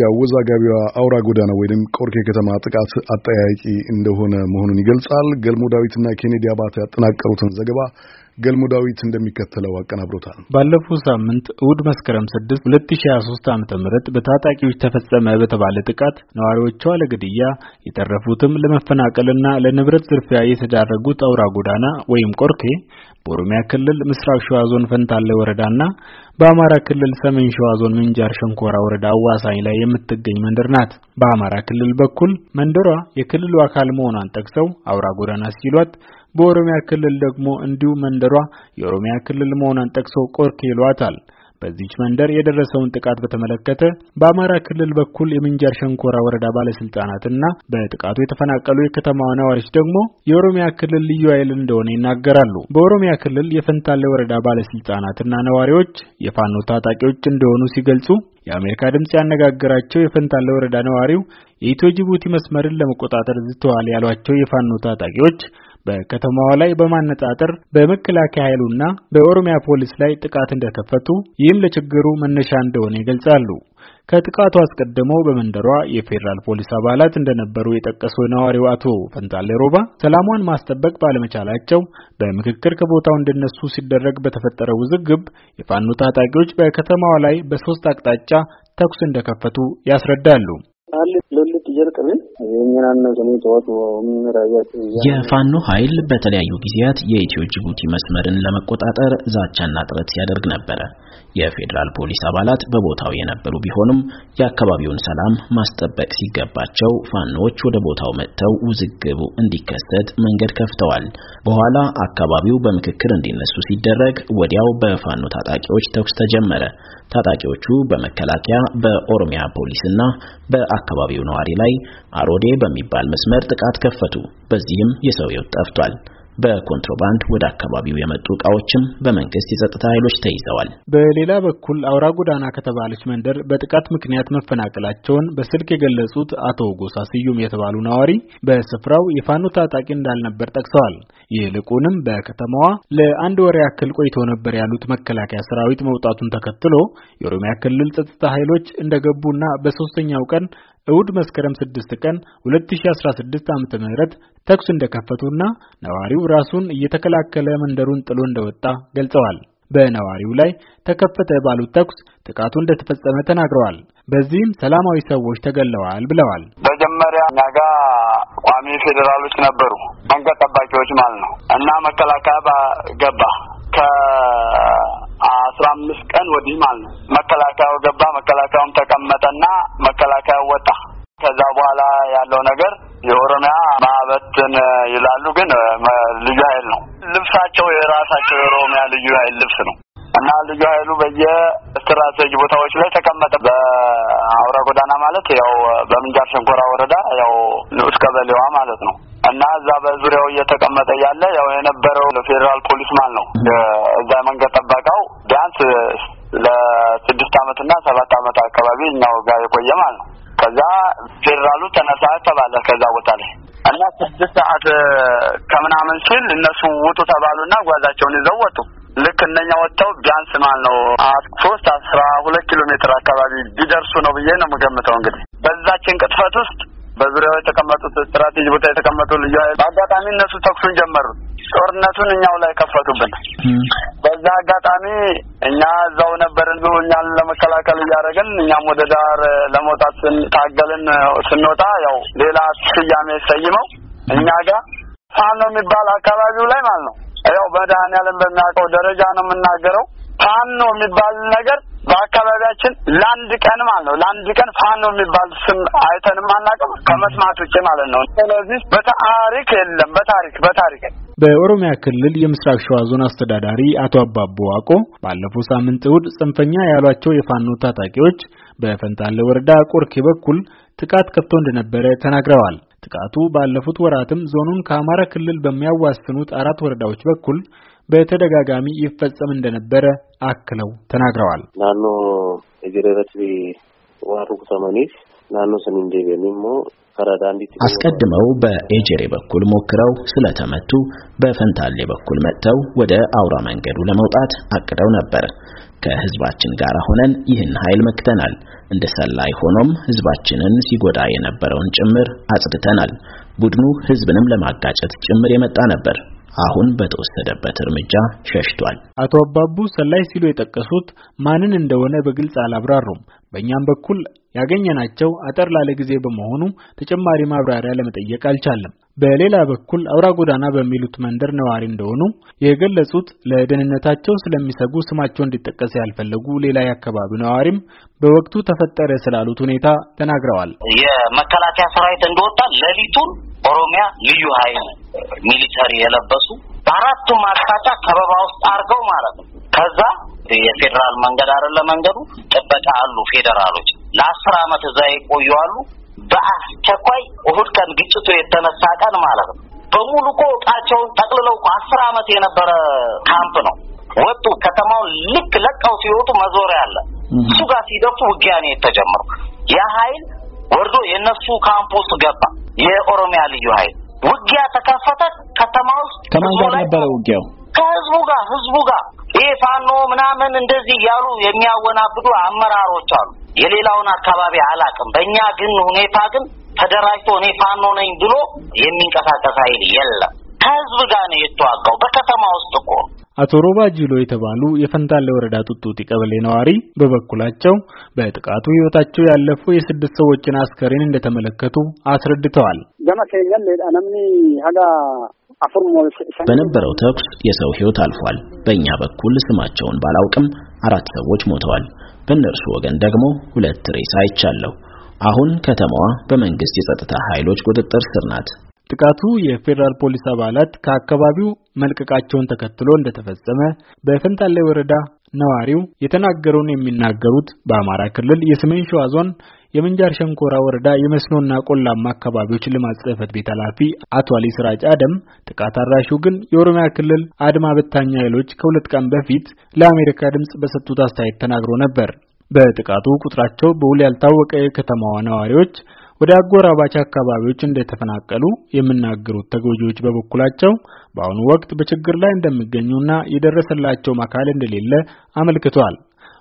የአወዛጋቢዋ አውራ ጎዳና ወይም ቆርኬ ከተማ ጥቃት አጠያቂ እንደሆነ መሆኑን ይገልጻል። ገልሞ ዳዊትና ኬኔዲ አባተ ያጠናቀሩትን ዘገባ ገልሞ ዳዊት እንደሚከተለው አቀናብሮታል። ባለፈው ሳምንት እሁድ መስከረም 6 2023 ዓመተ ምህረት በታጣቂዎች ተፈጸመ በተባለ ጥቃት ነዋሪዎቿ ለግድያ የተረፉትም ለመፈናቀልና ለንብረት ዝርፊያ የተዳረጉት አውራ ጎዳና ወይም ቆርኬ በኦሮሚያ ክልል ምስራቅ ሸዋ ዞን ፈንታሌ ወረዳና በአማራ ክልል ሰሜን ሸዋ ዞን ምንጃር ሸንኮራ ወረዳ አዋሳኝ ላይ የምትገኝ መንደር ናት። በአማራ ክልል በኩል መንደሯ የክልሉ አካል መሆኗን ጠቅሰው አውራ ጎዳና ሲሏት በኦሮሚያ ክልል ደግሞ እንዲሁ መንደሯ የኦሮሚያ ክልል መሆኗን ጠቅሶ ቆርክ ይሏታል። በዚች መንደር የደረሰውን ጥቃት በተመለከተ በአማራ ክልል በኩል የምንጃር ሸንኮራ ወረዳ ባለስልጣናትና በጥቃቱ የተፈናቀሉ የከተማዋ ነዋሪዎች ደግሞ የኦሮሚያ ክልል ልዩ ኃይል እንደሆነ ይናገራሉ። በኦሮሚያ ክልል የፈንታሌ ወረዳ ባለስልጣናትና ነዋሪዎች የፋኖ ታጣቂዎች እንደሆኑ ሲገልጹ የአሜሪካ ድምጽ ያነጋገራቸው የፈንታሌ ወረዳ ነዋሪው የኢትዮ ጅቡቲ መስመርን ለመቆጣጠር ዝተዋል ያሏቸው የፋኖ ታጣቂዎች በከተማዋ ላይ በማነጣጠር በመከላከያ ኃይሉና በኦሮሚያ ፖሊስ ላይ ጥቃት እንደከፈቱ ይህም ለችግሩ መነሻ እንደሆነ ይገልጻሉ። ከጥቃቱ አስቀድሞ በመንደሯ የፌዴራል ፖሊስ አባላት እንደነበሩ የጠቀሰው ነዋሪው አቶ ፈንታሌ ሮባ ሰላሟን ማስጠበቅ ባለመቻላቸው በምክክር ከቦታው እንዲነሱ ሲደረግ በተፈጠረው ውዝግብ የፋኖ ታጣቂዎች በከተማዋ ላይ በሶስት አቅጣጫ ተኩስ እንደከፈቱ ያስረዳሉ። የፋኖ ኃይል በተለያዩ ጊዜያት የኢትዮ ጅቡቲ መስመርን ለመቆጣጠር ዛቻና ጥረት ሲያደርግ ነበረ። የፌዴራል ፖሊስ አባላት በቦታው የነበሩ ቢሆንም የአካባቢውን ሰላም ማስጠበቅ ሲገባቸው ፋኖዎች ወደ ቦታው መጥተው ውዝግቡ እንዲከሰት መንገድ ከፍተዋል። በኋላ አካባቢው በምክክር እንዲነሱ ሲደረግ ወዲያው በፋኖ ታጣቂዎች ተኩስ ተጀመረ። ታጣቂዎቹ በመከላከያ በኦሮሚያ ፖሊስና በአካባቢው ነዋሪ ላይ አሮዴ በሚባል መስመር ጥቃት ከፈቱ። በዚህም የሰው ሕይወት ጠፍቷል። በኮንትሮባንድ ወደ አካባቢው የመጡ እቃዎችም በመንግስት የጸጥታ ኃይሎች ተይዘዋል። በሌላ በኩል አውራ ጎዳና ከተባለች መንደር በጥቃት ምክንያት መፈናቀላቸውን በስልክ የገለጹት አቶ ጎሳ ስዩም የተባሉ ነዋሪ በስፍራው የፋኖ ታጣቂ እንዳልነበር ጠቅሰዋል። ይልቁንም በከተማዋ ለአንድ ወር ያክል ቆይቶ ነበር ያሉት መከላከያ ሰራዊት መውጣቱን ተከትሎ የኦሮሚያ ክልል ጸጥታ ኃይሎች እንደገቡና በሶስተኛው ቀን እሁድ መስከረም 6 ቀን 2016 ዓ.ም ምህረት ተኩስ እንደከፈቱና ነዋሪው ራሱን እየተከላከለ መንደሩን ጥሎ እንደወጣ ገልጸዋል። በነዋሪው ላይ ተከፈተ ባሉት ተኩስ ጥቃቱ እንደተፈጸመ ተናግረዋል። በዚህም ሰላማዊ ሰዎች ተገለዋል ብለዋል። መጀመሪያ እኛ ጋ ቋሚ ፌዴራሎች ነበሩ፣ መንገድ ጠባቂዎች ማለት ነው እና መከላከያ ገባ ከአስራ አምስት ቀን ወዲህ ማለት ነው። መከላከያው ገባ፣ መከላከያውም ተቀመጠና መከላከያው ያለው ነገር የኦሮሚያ ማዕበትን ይላሉ፣ ግን ልዩ ኃይል ነው። ልብሳቸው የራሳቸው የኦሮሚያ ልዩ ኃይል ልብስ ነው እና ልዩ ኃይሉ በየስትራቴጂ ቦታዎች ላይ ተቀመጠ። በአውራ ጎዳና ማለት ያው በምንጃር ሸንኮራ ወረዳ ያው ንዑስ ቀበሌዋ ማለት ነው እና እዛ በዙሪያው እየተቀመጠ ያለ ያው የነበረው ፌዴራል ፖሊስ ማለት ነው። እዛ መንገድ ጠበቃው ቢያንስ ለስድስት አመት እና ሰባት ዓመት አካባቢ እኛው ጋር የቆየ ማለት ነው። ከዛ ፌዴራሉ ተነሳ ተባለ ከዛ ቦታ ላይ እና ስድስት ሰዓት ከምናምን ሲል እነሱ ውጡ ተባሉና ጓዛቸውን ይዘው ወጡ። ልክ እነኛ ወጥተው ቢያንስ ማለት ነው ሶስት አስራ ሁለት ኪሎ ሜትር አካባቢ ቢደርሱ ነው ብዬ ነው የምገምተው። እንግዲህ በዛችን ቅጥፈት ውስጥ በዙሪያው የተቀመጡት ስትራቴጂ ቦታ የተቀመጡ ልዩ በአጋጣሚ እነሱ ተኩሱን ጀመሩት። ጦርነቱን እኛው ላይ ከፈቱብን። በዛ አጋጣሚ እኛ እዛው ነበርን። እኛን ለመከላከል እያደረግን እኛም ወደ ዳር ለመውጣት ስንታገልን ስንወጣ ያው ሌላ ስያሜ ሰይመው እኛ ጋር ፋኖ የሚባል አካባቢው ላይ ማለት ነው። ያው መድኃኒዓለም በሚያውቀው ደረጃ ነው የምናገረው። ፋኖ የሚባል ነገር በአካባቢያችን ለአንድ ቀን ማለት ነው ለአንድ ቀን ፋኖ የሚባል ስም አይተንም አናውቅም ከመስማት ውጭ ማለት ነው። ስለዚህ በታሪክ የለም በታሪክ በታሪክ በኦሮሚያ ክልል የምስራቅ ሸዋ ዞን አስተዳዳሪ አቶ አባቦ ዋቆ ባለፈው ሳምንት እሁድ ጽንፈኛ ያሏቸው የፋኖ ታጣቂዎች በፈንታሌ ወረዳ ቆርኪ በኩል ጥቃት ከፍቶ እንደነበረ ተናግረዋል። ጥቃቱ ባለፉት ወራትም ዞኑን ከአማራ ክልል በሚያዋስኑት አራት ወረዳዎች በኩል በተደጋጋሚ ይፈጸም እንደነበረ አክለው ተናግረዋል። ናኖ የጀረረት ዋሩ ሰመኒስ ናኖ ሰሚንዴ አስቀድመው በኤጀሬ በኩል ሞክረው ስለተመቱ በፈንታሌ በኩል መጥተው ወደ አውራ መንገዱ ለመውጣት አቅደው ነበር። ከህዝባችን ጋር ሆነን ይህን ኃይል መክተናል። እንደ ሰላይ ሆኖም ህዝባችንን ሲጎዳ የነበረውን ጭምር አጽድተናል። ቡድኑ ህዝብንም ለማጋጨት ጭምር የመጣ ነበር። አሁን በተወሰደበት እርምጃ ሸሽቷል። አቶ አባቡ ሰላይ ሲሉ የጠቀሱት ማንን እንደሆነ በግልጽ አላብራሩም። በእኛም በኩል ያገኘናቸው አጠር ላለ ጊዜ በመሆኑ ተጨማሪ ማብራሪያ ለመጠየቅ አልቻለም። በሌላ በኩል አውራ ጎዳና በሚሉት መንደር ነዋሪ እንደሆኑ የገለጹት ለደህንነታቸው ስለሚሰጉ ስማቸው እንዲጠቀስ ያልፈለጉ ሌላ የአካባቢው ነዋሪም በወቅቱ ተፈጠረ ስላሉት ሁኔታ ተናግረዋል። የመከላከያ ሰራዊት እንደወጣ ሌሊቱን ኦሮሚያ ልዩ ኃይል ሚሊተሪ የለበሱ በአራቱም አቅጣጫ ከበባ ውስጥ አድርገው ማለት ነው። ከዛ የፌዴራል መንገድ አይደለ መንገዱ ጥበቃ አሉ ፌዴራሎች ለአስር ዓመት እዛ ይቆዩ አሉ። በአስቸኳይ እሁድ ቀን ግጭቱ የተነሳ ቀን ማለት ነው። በሙሉ እኮ እቃቸውን ጠቅልለው እኮ አስር አመት የነበረ ካምፕ ነው ወጡ። ከተማውን ልክ ለቀው ሲወጡ መዞሪያ አለ። እሱ ጋር ሲደፉ ውጊያ ነው የተጀመረው። ያ ኃይል ወርዶ የእነሱ ካምፕ ውስጥ ገባ። የኦሮሚያ ልዩ ኃይል ውጊያ ተከፈተ ከተማ ውስጥ። ከማን ጋር ነበረ ውጊያው? ከህዝቡ ጋር ህዝቡ ጋር ይሄ ፋኖ ምናምን እንደዚህ እያሉ የሚያወናብዱ አመራሮች አሉ። የሌላውን አካባቢ አላቅም። በእኛ ግን ሁኔታ ግን ተደራጅቶ እኔ ፋኖ ነኝ ብሎ የሚንቀሳቀስ ኃይል የለም። ከህዝብ ጋር ነው የተዋጋው። በከተማ ውስጥ እኮ አቶ ሮባ ጂሎ የተባሉ የፈንታሌ ወረዳ ጡጡቲ ቀበሌ ነዋሪ በበኩላቸው በጥቃቱ ሕይወታቸው ያለፉ የስድስት ሰዎችን አስከሬን እንደተመለከቱ አስረድተዋል። በነበረው ተኩስ የሰው ሕይወት አልፏል። በእኛ በኩል ስማቸውን ባላውቅም አራት ሰዎች ሞተዋል። በእነርሱ ወገን ደግሞ ሁለት ሬሳ አይቻለሁ። አሁን ከተማዋ በመንግስት የጸጥታ ኃይሎች ቁጥጥር ስር ናት። ጥቃቱ የፌዴራል ፖሊስ አባላት ከአካባቢው መልቀቃቸውን ተከትሎ እንደተፈጸመ በፈንታሌ ወረዳ ነዋሪው የተናገሩን የሚናገሩት በአማራ ክልል የሰሜን ሸዋ ዞን የምንጃር ሸንኮራ ወረዳ የመስኖና ቆላማ አካባቢዎች ልማት ቤት ኃላፊ አቶ አሊ ስራጭ አደም ጥቃት አድራሹ ግን የኦሮሚያ ክልል አድማ በታኝ ኃይሎች ከሁለት ቀን በፊት ለአሜሪካ ድምፅ በሰጡት አስተያየት ተናግሮ ነበር። በጥቃቱ ቁጥራቸው በውል ያልታወቀ የከተማዋ ነዋሪዎች ወደ አጎራባች አካባቢዎች እንደተፈናቀሉ የሚናገሩት ተጎጂዎች በበኩላቸው በአሁኑ ወቅት በችግር ላይ እንደሚገኙና የደረሰላቸውም አካል እንደሌለ አመልክቷል።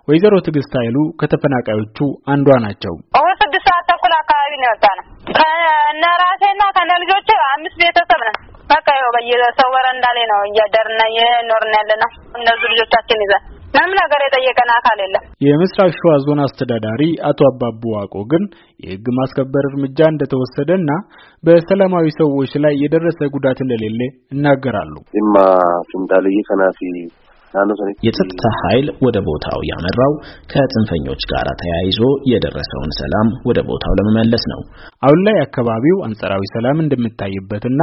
ወይዘሮ ትዕግስት ኃይሉ ከተፈናቃዮቹ አንዷ ናቸው። አሁን ስድስት ሰዓት ተኩል አካባቢ ነው የወጣ ነው። ከነ ከነ ልጆች አምስት ቤተሰብ ነን። በቃ ይኸው በየሰው በረንዳ ላይ ነው እያደርና የኖርን ያለ ነው። እነዚህ ልጆቻችን ይዘን ምንም ነገር የጠየቀን አካል የለም። የምስራቅ ሸዋ ዞን አስተዳዳሪ አቶ አባቡ ዋቆ ግን የህግ ማስከበር እርምጃ እንደተወሰደና በሰላማዊ ሰዎች ላይ የደረሰ ጉዳት እንደሌለ ይናገራሉ። ማ ሱምዳልይ ከናፊ የጸጥታ ኃይል ወደ ቦታው ያመራው ከጽንፈኞች ጋር ተያይዞ የደረሰውን ሰላም ወደ ቦታው ለመመለስ ነው። አሁን ላይ አካባቢው አንጻራዊ ሰላም እንደሚታይበትና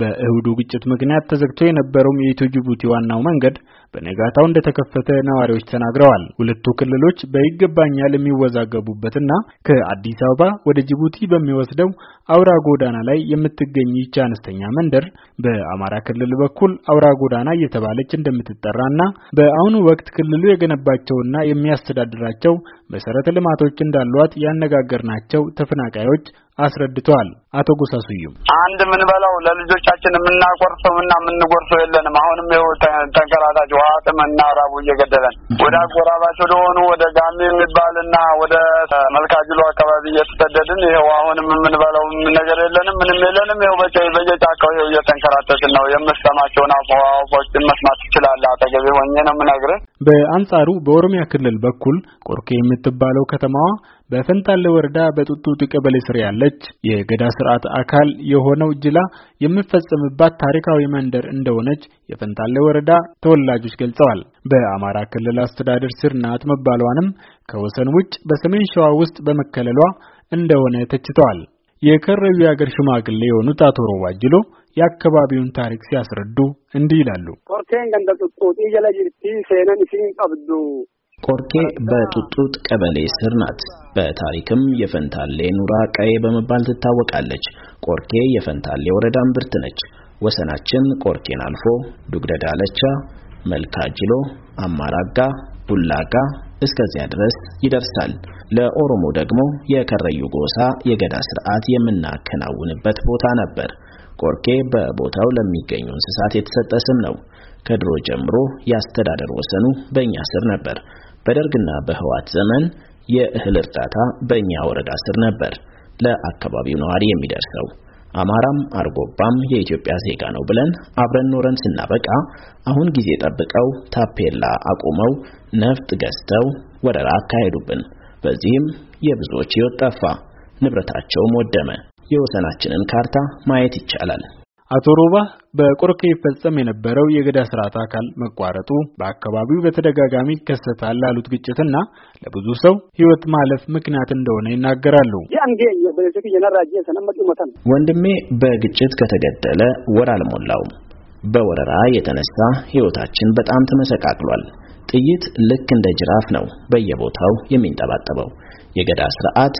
በእሁዱ ግጭት ምክንያት ተዘግቶ የነበረውም የኢትዮ ጅቡቲ ዋናው መንገድ በነጋታው እንደተከፈተ ነዋሪዎች ተናግረዋል። ሁለቱ ክልሎች በይገባኛል የሚወዛገቡበትና ከአዲስ አበባ ወደ ጅቡቲ በሚወስደው አውራ ጎዳና ላይ የምትገኝ ይቺ አነስተኛ መንደር በአማራ ክልል በኩል አውራ ጎዳና እየተባለች እንደምትጠራና በአሁኑ ወቅት ክልሉ የገነባቸውና የሚያስተዳድራቸው መሰረተ ልማቶች እንዳሏት ያነጋገርናቸው ተፈናቃዮች አስረድቷል። አቶ ጎሳ ስዩም አንድ የምንበላው ለልጆቻችን የምናቆርሰው እና የምንጎርሰው የለንም። አሁንም ይኸው ተንከራታች ውሃ ጥም ራቡ እየገደለን ወደ አጎራባች ወደሆኑ ወደ ጋሚ የሚባል እና ወደ መልካጅሎ አካባቢ እየተሰደድን ይኸው አሁንም የምንበላው ነገር የለንም፣ ምንም የለንም። ይኸው በየጫካው ይኸው እየተንከራተትን ነው። የምሰማቸውን አፏፎችን መስማት ትችላለህ። አጠገቤ ሆኜ ነው የምነግርህ። በአንጻሩ በኦሮሚያ ክልል በኩል ቆርኬ የምትባለው ከተማዋ በፈንታሌ ወረዳ በጡቱ ቀበሌ ስር ያለች የገዳ ስርዓት አካል የሆነው ጅላ የሚፈጸምባት ታሪካዊ መንደር እንደሆነች የፈንታሌ ወረዳ ተወላጆች ገልጸዋል። በአማራ ክልል አስተዳደር ስር ናት መባሏንም ከወሰን ውጭ በሰሜን ሸዋ ውስጥ በመከለሏ እንደሆነ ተችተዋል። የከረዩ የአገር ሽማግሌ የሆኑት አቶ ሮዋጅሎ የአካባቢውን ታሪክ ሲያስረዱ እንዲህ ይላሉ። ቆርኬ በጡጡጥ ቀበሌ ስር ናት። በታሪክም የፈንታሌ ኑራ ቀዬ በመባል ትታወቃለች። ቆርኬ የፈንታሌ ወረዳ ብርት ነች። ወሰናችን ቆርኬን አልፎ ዱግደዳለቻ፣ መልካጅሎ፣ አማራጋ፣ ቡላጋ እስከዚያ ድረስ ይደርሳል። ለኦሮሞ ደግሞ የከረዩ ጎሳ የገዳ ስርዓት የምናከናውንበት ቦታ ነበር። ቆርኬ በቦታው ለሚገኙ እንስሳት የተሰጠ ስም ነው። ከድሮ ጀምሮ የአስተዳደር ወሰኑ በእኛ ስር ነበር። በደርግና በህዋት ዘመን የእህል እርዳታ በእኛ ወረዳ ስር ነበር ለአካባቢው ነዋሪ የሚደርሰው። አማራም አርጎባም የኢትዮጵያ ዜጋ ነው ብለን አብረን ኖረን ስናበቃ አሁን ጊዜ ጠብቀው ታፔላ አቁመው ነፍጥ ገዝተው ወረራ አካሄዱብን። በዚህም የብዙዎች ህይወት ጠፋ፣ ንብረታቸውም ወደመ። የወሰናችንን ካርታ ማየት ይቻላል። አቶ ሮባህ በቆርኬ ይፈጸም የነበረው የገዳ ስርዓት አካል መቋረጡ በአካባቢው በተደጋጋሚ ይከሰታል ላሉት ግጭትና ለብዙ ሰው ህይወት ማለፍ ምክንያት እንደሆነ ይናገራሉ። ወንድሜ በግጭት ከተገደለ ወር አልሞላውም። በወረራ የተነሳ ህይወታችን በጣም ተመሰቃቅሏል። ጥይት ልክ እንደ ጅራፍ ነው በየቦታው የሚንጠባጠበው። የገዳ ስርዓት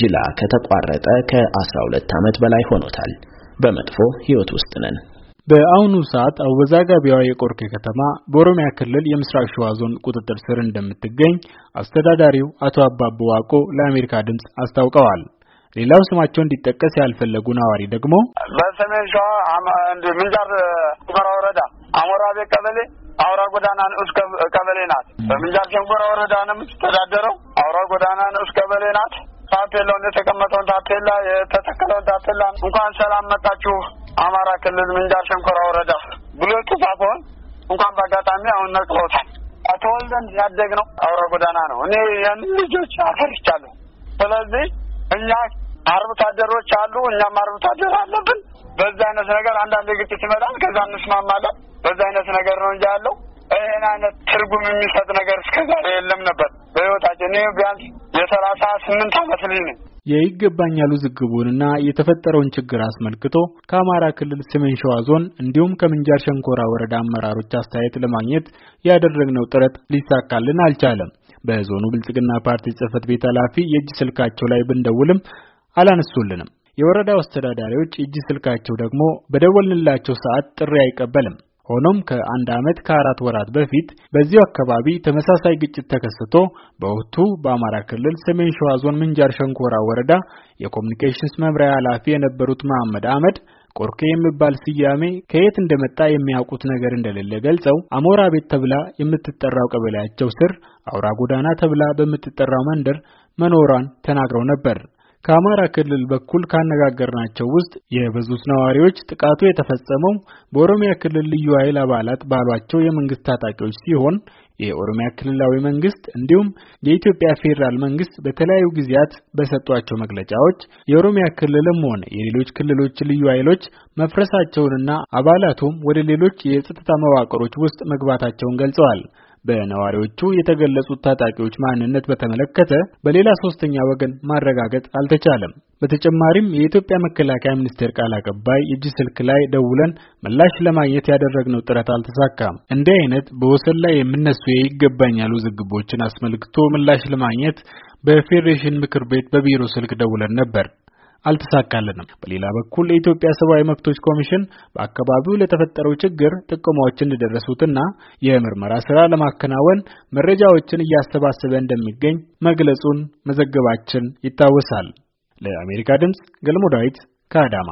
ጅላ ከተቋረጠ ከ12 ዓመት በላይ ሆኖታል። በመጥፎ ህይወት ውስጥ ነን። በአሁኑ ሰዓት አወዛጋቢዋ የቆርኬ ከተማ በኦሮሚያ ክልል የምስራቅ ሸዋ ዞን ቁጥጥር ስር እንደምትገኝ አስተዳዳሪው አቶ አባቦ ዋቆ ለአሜሪካ ድምፅ አስታውቀዋል። ሌላው ስማቸው እንዲጠቀስ ያልፈለጉ ነዋሪ ደግሞ በሰሜን ሸዋ ምንጃር ሁመራ ወረዳ አሞራቤ ቀበሌ አውራ ጎዳና ንዑስ ቀበሌ ናት። በምንጃር ሸንኮራ ወረዳ ነው የምትተዳደረው። አውራ ጎዳና ንዑስ ቀበሌ ናት። ታፔላውን የተቀመጠውን ታፔላ የተተከለውን ታፔላ እንኳን ሰላም መጣችሁ አማራ ክልል ምንጃር ሸንኮራ ወረዳ ብሎ ጽፋፎን እንኳን በአጋጣሚ አሁን ነቅለውታል። ያደግ ነው አውራ ጎዳና ነው። እኔ ያን ልጆች አፈርቻለሁ። ስለዚህ እኛ አርብቶ አደሮች አሉ፣ እኛም አርብቶ አደር አለብን። በዛ አይነት ነገር አንዳንድ ግጭት ይመጣል። ከዛ እንስማማለን። በዛ አይነት ነገር ነው እንጂ ያለው ይህን አይነት ትርጉም የሚሰጥ ነገር እስከዛሬ የለም ነበር በህይወታችን። እኔ ቢያንስ የሰላሳ ስምንት አመት ልጅ ነኝ። የይገባኛል ውዝግቡንና የተፈጠረውን ችግር አስመልክቶ ከአማራ ክልል ሰሜን ሸዋ ዞን እንዲሁም ከምንጃር ሸንኮራ ወረዳ አመራሮች አስተያየት ለማግኘት ያደረግነው ጥረት ሊሳካልን አልቻለም። በዞኑ ብልጽግና ፓርቲ ጽህፈት ቤት ኃላፊ የእጅ ስልካቸው ላይ ብንደውልም አላነሱልንም። የወረዳው አስተዳዳሪዎች እጅ ስልካቸው ደግሞ በደወልንላቸው ሰዓት ጥሪ አይቀበልም። ሆኖም ከአንድ ዓመት ከአራት ወራት በፊት በዚሁ አካባቢ ተመሳሳይ ግጭት ተከስቶ በወቅቱ በአማራ ክልል ሰሜን ሸዋ ዞን ምንጃር ሸንኮራ ወረዳ የኮሚኒኬሽንስ መምሪያ ኃላፊ የነበሩት መሐመድ አህመድ ቆርኬ የሚባል ስያሜ ከየት እንደመጣ የሚያውቁት ነገር እንደሌለ ገልጸው አሞራ ቤት ተብላ የምትጠራው ቀበሌያቸው ስር አውራ ጎዳና ተብላ በምትጠራው መንደር መኖሯን ተናግረው ነበር። ከአማራ ክልል በኩል ካነጋገርናቸው ውስጥ የበዙት ነዋሪዎች ጥቃቱ የተፈጸመው በኦሮሚያ ክልል ልዩ ኃይል አባላት ባሏቸው የመንግስት ታጣቂዎች ሲሆን የኦሮሚያ ክልላዊ መንግስት እንዲሁም የኢትዮጵያ ፌዴራል መንግስት በተለያዩ ጊዜያት በሰጧቸው መግለጫዎች የኦሮሚያ ክልልም ሆነ የሌሎች ክልሎች ልዩ ኃይሎች መፍረሳቸውንና አባላቱም ወደ ሌሎች የጸጥታ መዋቅሮች ውስጥ መግባታቸውን ገልጸዋል። በነዋሪዎቹ የተገለጹት ታጣቂዎች ማንነት በተመለከተ በሌላ ሶስተኛ ወገን ማረጋገጥ አልተቻለም። በተጨማሪም የኢትዮጵያ መከላከያ ሚኒስቴር ቃል አቀባይ የእጅ ስልክ ላይ ደውለን ምላሽ ለማግኘት ያደረግነው ጥረት አልተሳካም። እንዲህ አይነት በወሰን ላይ የሚነሱ የይገባኛል ውዝግቦችን አስመልክቶ ምላሽ ለማግኘት በፌዴሬሽን ምክር ቤት በቢሮ ስልክ ደውለን ነበር። አልተሳካልንም። በሌላ በኩል የኢትዮጵያ ሰብአዊ መብቶች ኮሚሽን በአካባቢው ለተፈጠረው ችግር ጥቆማዎች እንደደረሱትና የምርመራ ስራ ለማከናወን መረጃዎችን እያሰባሰበ እንደሚገኝ መግለጹን መዘገባችን ይታወሳል። ለአሜሪካ ድምጽ ገልሞ ዳዊት ከአዳማ